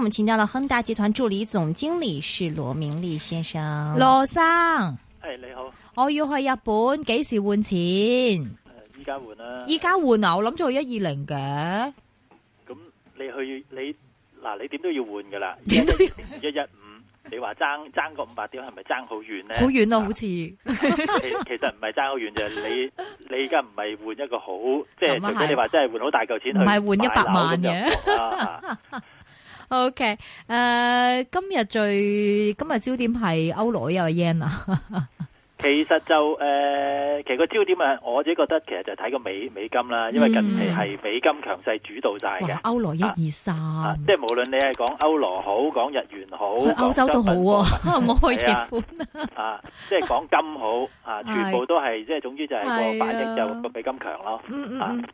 我們請到了亨達集團助理總經理是羅明立先生，羅生，hey, 你好，我要去日本，幾時換錢？誒、啊，依家換啦，依家換啊！我諗住一二零嘅，咁你去你嗱，你點都要換噶啦，都要？一一五，你話爭爭個五百點，係咪爭好遠咧？好遠啊，好似，其實唔係爭好遠，就係你你而家唔係換一個好，即係除非你話真係換好大嚿錢去，唔係換一百萬嘅。啊啊 O K，誒，今日最今日焦點係歐羅又係 yen 啊？其實就誒，其實個焦點啊，我自己覺得其實就睇個美美金啦，因為近期係美金強勢主導晒嘅。歐羅一二三，即係無論你係講歐羅好，講日元好，歐洲都好，唔可以跌盤啊！啊，即係講金好啊，全部都係即係，總之就係個反應就美金強咯，嗯嗯。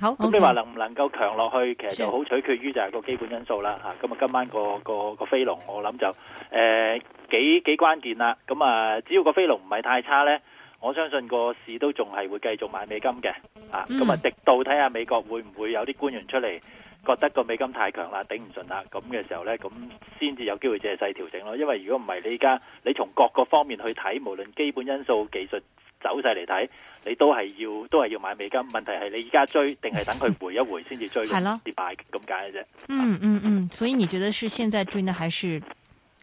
咁好你話能唔能夠強落去，Okay. 其實就好取決於就係個基本因素啦吓。咁 Sure. 啊，今晚、個個個飛龍，我諗就誒幾幾關鍵啦。咁啊，只要個飛龍唔係太差呢，我相信個市都仲係會繼續買美金嘅。啊，咁、mm hmm. 啊，直到睇下美國會唔會有啲官員出嚟，覺得個美金太強啦，頂唔順啦，咁嘅時候呢，咁先至有機會借勢調整咯。因為如果唔係，你而家你從各個方面去睇，無論基本因素、技術。走勢嚟睇，你都係要都係要買美金。問題係你而家追，定係等佢回一回先至追？係咯， 跌敗咁解嘅啫。 嗯嗯嗯，所以你覺得是現在追呢，還是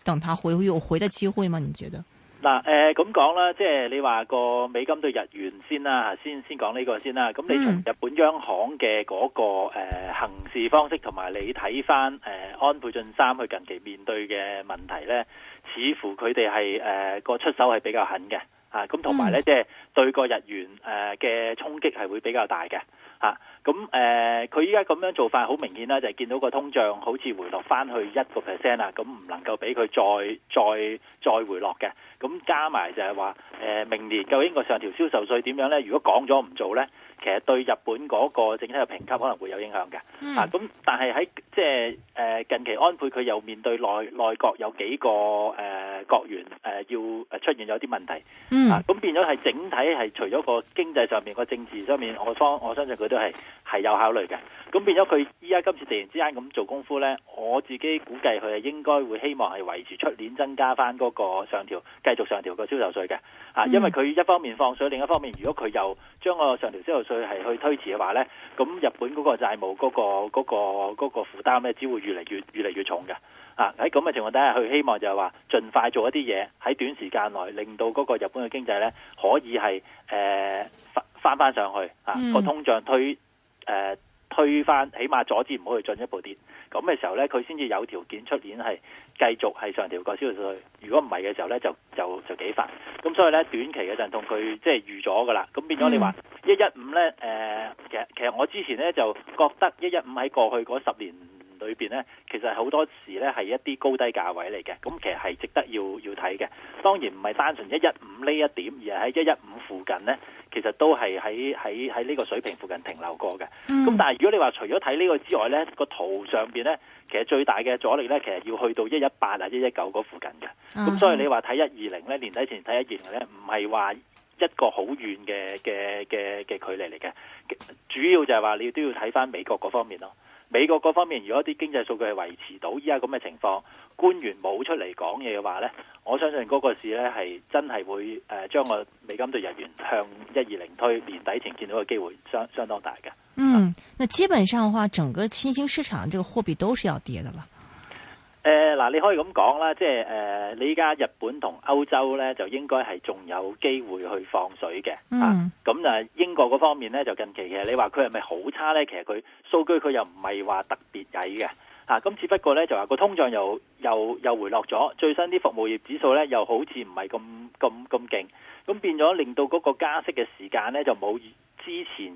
等它回會有回的機會嗎？呃呃就是、說你覺得？嗱，誒，咁講啦，即係你話個美金對日元先啦，吓，先先講呢個先啦。咁你從日本央行嘅嗰、那個誒、嗯、行事方式，同埋你睇返誒安倍晉三佢近期面對嘅問題咧，似乎佢哋係誒個出手係比較狠嘅。啊，咁同埋咧，即係、嗯、對個日元誒嘅、呃、衝擊係會比較大嘅。咁誒佢依家咁樣做法好明顯啦、啊，就係、見到個通脹好似回落翻去一個 percent 啦，咁、啊、唔、啊、能夠俾佢再再再回落嘅。咁、啊、加埋就係話誒，明年究竟個上調銷售稅點樣咧？如果講咗唔做咧？其實對日本嗰個整體嘅評級可能會有影響嘅，嗯、啊咁但係喺即係近期安倍佢又面對內內閣有幾個誒、呃、國員、呃、要出現有啲問題，嗯、啊咁變咗係整體係除咗個經濟上面，個政治上面。我方我相信佢都係。係有考慮嘅，咁變咗佢依家今次突然之間咁做功夫呢，我自己估計佢係應該會希望係維持出年增加翻嗰個上調，繼續上調個銷售稅嘅，啊，因為佢一方面放水，另一方面如果佢又將嗰個上調銷售稅係去推遲嘅話呢，咁日本嗰個債務嗰個嗰個嗰個負擔呢，只會越嚟越越嚟越重嘅，啊，喺咁嘅情況底下，佢希望就係話盡快做一啲嘢，喺短時間內令到嗰個日本嘅經濟呢，可以係誒翻翻上去，啊，個通脹推。誒、呃、推翻，起碼阻止唔好去進一步跌，咁嘅時候咧，佢先至有條件出年係繼續係上調個消費稅。如果唔係嘅時候咧，就就就幾煩。咁所以咧，短期嘅就同佢即係預咗噶啦。咁變咗你話一一五咧，誒，其實其實我之前咧就覺得一一五喺過去嗰十年。裏邊咧，其實好多時咧係一啲高低價位嚟嘅，咁其實係值得要要睇嘅。當然唔係單純一一五呢一點，而係喺一一五附近咧，其實都係喺喺喺呢個水平附近停留過嘅。咁、mm. 但係如果你話除咗睇呢個之外咧，個圖上邊咧，其實最大嘅阻力咧，其實要去到一一八啊一一九嗰附近嘅。咁、mm. 所以你話睇一二零咧，年底前睇一二零咧，唔係話一個好遠嘅嘅嘅嘅距離嚟嘅，主要就係話你都要睇翻美國嗰方面咯。美國各方面，如果啲經濟數據係維持到依家咁嘅情況，官員冇出嚟講嘢嘅話呢，我相信嗰個市呢係真係會誒、呃、將個美金對日元向一二零推，年底前見到嘅機會相相當大嘅。啊、嗯，那基本上的話，整個新興市場這個貨幣都是要跌的啦。誒，嗱、呃，你可以咁講啦，即係誒、呃，你依家日本同歐洲咧，就應該係仲有機會去放水嘅，mm hmm. 啊，咁啊英國嗰方面咧，就近期其實你話佢係咪好差咧？其實佢數據佢又唔係話特別矮嘅，啊，咁只不過咧就話個通脹又又又回落咗，最新啲服務業指數咧又好似唔係咁咁咁勁，咁變咗令到嗰個加息嘅時間咧就冇之前誒、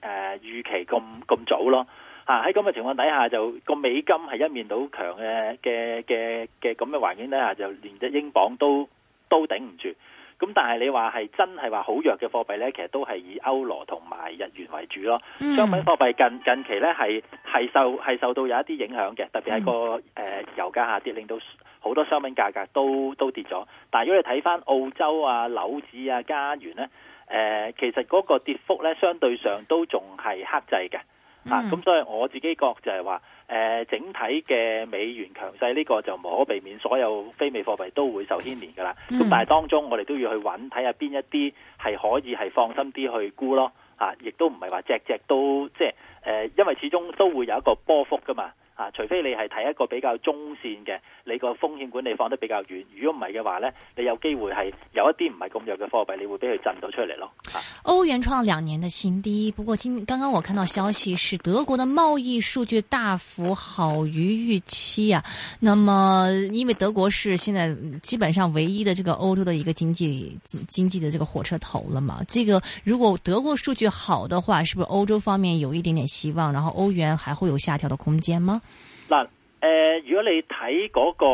呃、預期咁咁早咯。啊！喺咁嘅情況底下，就個美金係一面倒強嘅嘅嘅嘅咁嘅環境底下，就連隻英鎊都都頂唔住。咁但係你話係真係話好弱嘅貨幣呢，其實都係以歐羅同埋日元為主咯。嗯、商品貨幣近近期呢係係受係受到有一啲影響嘅，特別係、嗰個誒、嗯呃、油價下跌，令到好多商品價格都都跌咗。但係如果你睇翻澳洲啊、紐子啊、加元呢，誒、呃、其實嗰個跌幅呢，相對上都仲係克制嘅。Mm. 啊，咁所以我自己覺得就係話，誒、呃，整體嘅美元強勢呢個就無可避免，所有非美貨幣都會受牽連噶啦。咁、mm. 啊、但係當中我哋都要去揾睇下邊一啲係可以係放心啲去估咯。亦、啊、都唔係話隻只都即係，誒、呃，因為始終都會有一個波幅噶嘛。除非你係睇一個比較中線嘅，你個風險管理放得比較遠。如果唔係嘅話呢，你有機會係有一啲唔係咁弱嘅貨幣，你會俾佢震到出嚟咯。歐元創兩年的新低，不過今剛剛我看到消息是德國的貿易數據大幅好於預期啊。那麼因為德國是現在基本上唯一的這個歐洲的一個經濟經經濟的這個火車頭了嘛。這個如果德國數據好的話，是不是歐洲方面有一點點希望？然後歐元還會有下調的空間嗎？嗱，誒、呃，如果你睇嗰個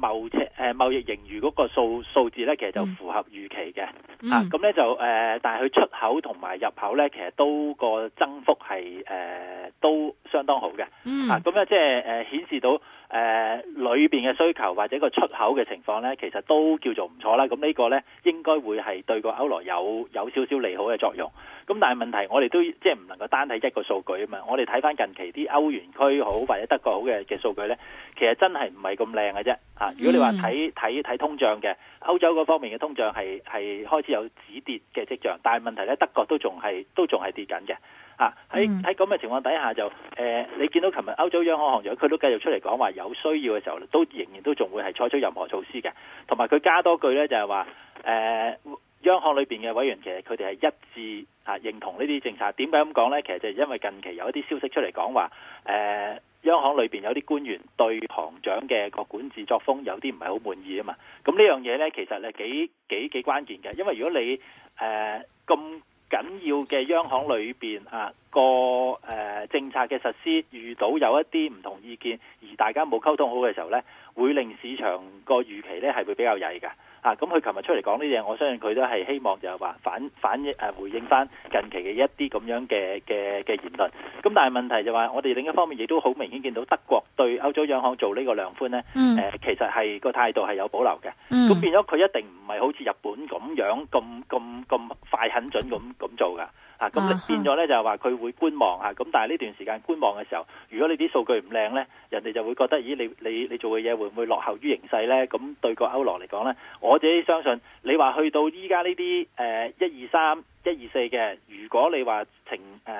貿貿、呃、貿易盈餘嗰個數數，數字咧，其實就符合預期嘅，mm. 啊，咁咧就誒、呃，但係佢出口同埋入口咧，其實都個增幅係誒、呃、都相當好嘅，mm. 啊，咁咧即係誒顯示到。誒、呃、裏邊嘅需求或者個出口嘅情況呢，其實都叫做唔錯啦。咁呢個呢，應該會係對個歐羅有有少少利好嘅作用。咁但係問題我，我哋都即係唔能夠單睇一個數據啊嘛。我哋睇翻近期啲歐元區好或者德國好嘅嘅數據呢，其實真係唔係咁靚嘅啫。啊！如果你話睇睇睇通脹嘅，歐洲嗰方面嘅通脹係係開始有止跌嘅跡象，但係問題咧，德國都仲係都仲係跌緊嘅。嚇！喺喺咁嘅情況底下就誒、呃，你見到琴日歐洲央行行長佢都繼續出嚟講話，有需要嘅時候都仍然都仲會係採取任何措施嘅。同埋佢加多句咧就係話誒，央行裏邊嘅委員其實佢哋係一致嚇認同呢啲政策。點解咁講咧？其實就係因為近期有一啲消息出嚟講話誒。呃央行裏邊有啲官員對行長嘅個管治作風有啲唔係好滿意啊嘛，咁呢樣嘢呢，其實係幾幾幾關鍵嘅，因為如果你誒咁緊要嘅央行裏邊啊個誒、呃、政策嘅實施遇到有一啲唔同意見，而大家冇溝通好嘅時候呢，會令市場個預期呢係會比較曳嘅。啊，咁佢琴日出嚟講呢啲嘢，我相信佢都係希望就係話反反映誒回應翻近期嘅一啲咁樣嘅嘅嘅言論。咁但係問題就話，我哋另一方面亦都好明顯見到德國對歐洲央行做呢個量寬咧，誒其實係個態度係有保留嘅。咁變咗佢一定唔係好似日本咁樣咁咁咁快狠準咁咁做㗎。啊，咁咧變咗咧就係話佢會觀望嚇。咁但係呢段時間觀望嘅時候，如果你啲數據唔靚咧，人哋就會覺得咦，你你你做嘅嘢會唔會落後於形勢咧？咁對個歐羅嚟講咧，我。我自己相信，你話去到依家呢啲誒一二三一二四嘅，如果你話情誒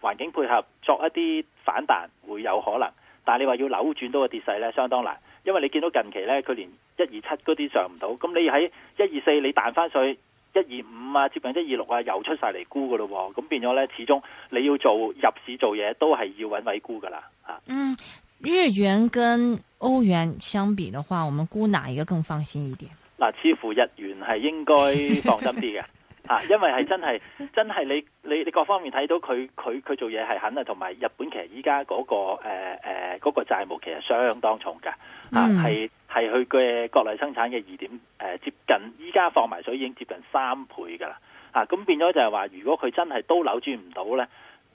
環、呃、境配合，作一啲反彈會有可能，但係你話要扭轉到個跌勢咧，相當難，因為你見到近期咧，佢連一二七嗰啲上唔到，咁你喺一二四你彈翻上去一二五啊，接近一二六啊，又出晒嚟沽噶咯，咁變咗咧，始終你要做入市做嘢都係要揾位沽噶啦啊！嗯，日元跟歐元相比嘅話，我們估哪一個更放心一點？似乎日元係應該放心啲嘅，嚇、 啊，因為係真係真係你你你各方面睇到佢佢佢做嘢係肯啊，同埋日本其實依家嗰個誒誒嗰個債務其實相當重噶，嚇係係佢嘅國內生產嘅二點誒、呃、接近依家放埋水已經接近三倍噶啦，嚇、啊、咁變咗就係話如果佢真係都扭轉唔到咧，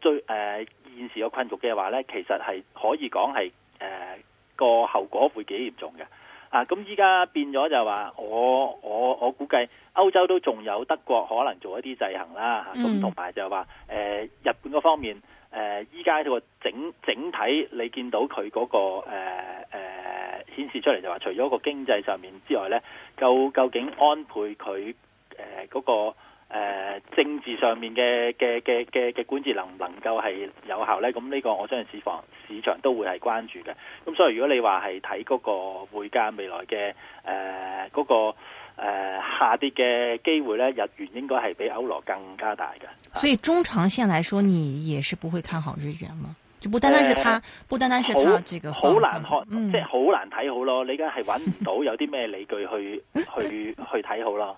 最誒、呃、現時嘅困局嘅話咧，其實係可以講係誒個後果會幾嚴重嘅。啊！咁依家變咗就話，我我我估計歐洲都仲有德國可能做一啲制衡啦嚇，咁同埋就話誒、呃、日本嗰方面誒，依、呃、家個整整體你見到佢嗰、那個誒誒、呃呃、顯示出嚟就話，除咗個經濟上面之外咧，究究竟安倍佢嗰個。誒、呃、政治上面嘅嘅嘅嘅嘅管制能唔能夠係有效咧？咁呢個我相信市房市場都會係關注嘅。咁所以如果你話係睇嗰個匯價未來嘅誒嗰個、呃、下跌嘅機會咧，日元應該係比歐羅更加大嘅。所以中長線來說，你也是不會看好日元嘛？就不單單是他、呃、不單單是他這個好難看，即係好難睇好咯。你而家係揾唔到有啲咩理據去 去去睇好咯。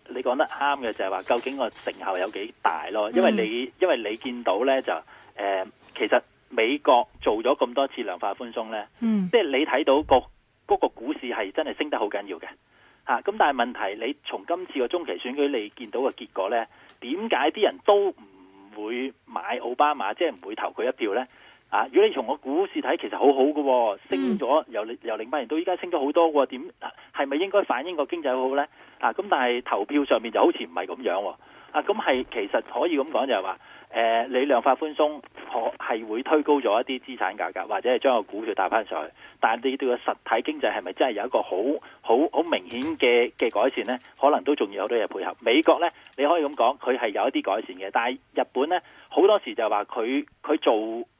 你講得啱嘅就係話，究竟個成效有幾大咯？因為你、嗯、因為你見到咧就、呃、其實美國做咗咁多次量化寬鬆咧，即係、嗯、你睇到、個嗰、個、股市係真係升得好緊要嘅嚇咁、啊、但係問題，你從今次個中期選舉你見到個結果咧，點解啲人都唔會買奧巴馬，即係唔會投佢一票咧？啊！如果你從個股市睇，其實好好嘅、哦，升咗由由零八年到依家升咗好多喎，點係咪應該反映個經濟好好咧？啊，咁但係投票上面就好似唔係咁樣喎、啊。啊，咁係其實可以咁講就係、是、話，誒、呃，你量化寬鬆可係會推高咗一啲資產價格，或者係將個股票帶翻上去。但係你對個實體經濟係咪真係有一個好好好明顯嘅嘅改善呢？可能都仲要有好多嘢配合。美國呢，你可以咁講，佢係有一啲改善嘅。但係日本呢，好多時就話佢佢做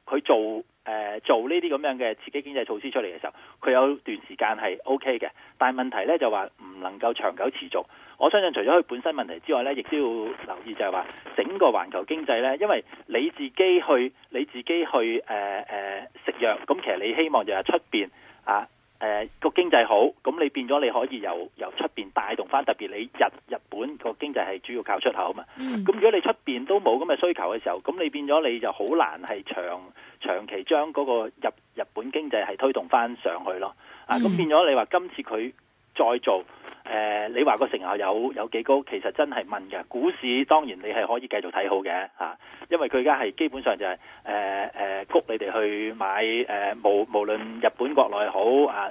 佢做。誒，做呢啲咁樣嘅刺激經濟措施出嚟嘅時候，佢有段時間係 O K 嘅，但係問題呢就話唔能夠長久持續。我相信除咗佢本身問題之外呢，亦都要留意就係話整個環球經濟呢。因為你自己去你自己去，誒誒、呃呃、食藥，咁其實你希望就係出邊啊誒個、呃、經濟好，咁你變咗你可以由由出邊帶動翻，特別你日日本個經濟係主要靠出口嘛。咁如果你出邊都冇咁嘅需求嘅時候，咁你變咗你就好難係長。長期將嗰個日日本經濟係推動翻上去咯，嗯、啊咁變咗你話今次佢再做，呃、你話個成效有有幾高？其實真係問嘅。股市當然你係可以繼續睇好嘅、啊，因為佢而家係基本上就係誒誒谷你哋去買誒、呃，無無論日本國內好啊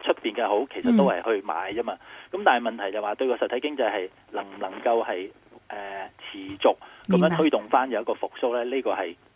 出、呃、面嘅好，其實都係去買啫嘛。咁、嗯、但係問題就話、係、對個實體經濟係能唔能夠係、呃、持續咁樣推動翻有一個復甦咧？呢、呢個係。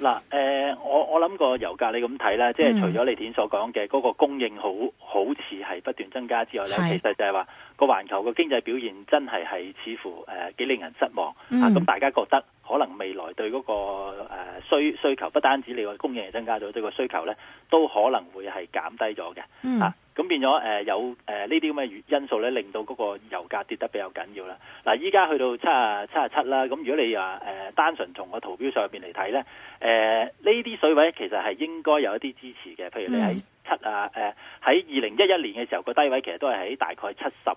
嗱，誒、呃，我我諗個油價你咁睇咧，即係除咗你頭先所講嘅嗰個供應好好似係不斷增加之外咧，是其實就係話個環球嘅經濟表現真係係似乎誒幾、呃、令人失望、嗯、啊！咁大家覺得可能未來對嗰、那個需、呃、需求，不單止你個供應係增加咗，對個需求咧都可能會係減低咗嘅啊！嗯咁變咗誒、呃、有誒呢啲咁嘅因素咧，令到嗰個油價跌得比較緊要啦。嗱、呃，依家去到七啊七啊七啦，咁如果你話誒、呃、單純從個圖表上面嚟睇咧，誒呢啲水位其實係應該有一啲支持嘅，譬如你喺七啊，誒喺二零一一年嘅時候，個低位其實都係喺大概七十誒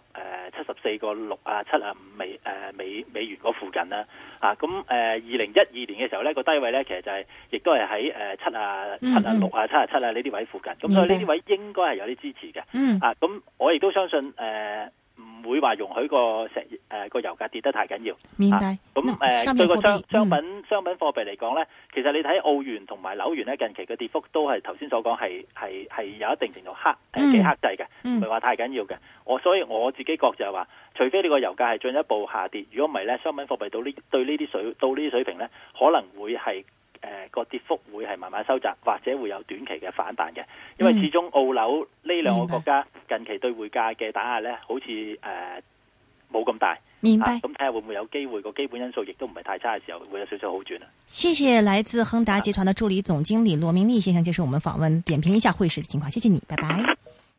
七十四個六啊七啊五美誒美美元嗰附近咧，嚇，咁誒二零一二年嘅時候咧，個低位咧其實就係亦都係喺誒七啊七啊六啊七啊七啊呢啲位附近，咁明白。所以呢啲位應該係有啲支持嘅，嗯、啊，咁我亦都相信誒。呃唔會話容許個石誒油價跌得太緊要，咁誒對個商商品商品貨幣嚟講咧，其實你睇澳元同埋紐元咧，近期嘅跌幅都係頭先所講係係係有一定程度克、嗯、幾克制嘅，唔係話太緊要嘅。我、嗯、所以我自己覺就係話，除非呢個油價係進一步下跌，如果唔係咧，商品貨幣到呢對呢啲水到呢啲水平咧，可能會係。誒，個跌、呃、幅會係慢慢收窄，或者會有短期嘅反彈嘅，因為始終澳樓呢兩個國家近期對匯價嘅打壓呢，好似誒冇咁大，明白。咁睇下會唔會有機會、這個基本因素亦都唔係太差嘅時候，會有少少好轉啊！謝謝來自亨達集團的助理總經理羅明立先生接受我們訪問，點評一下匯市嘅情況。謝謝你，拜拜。嗯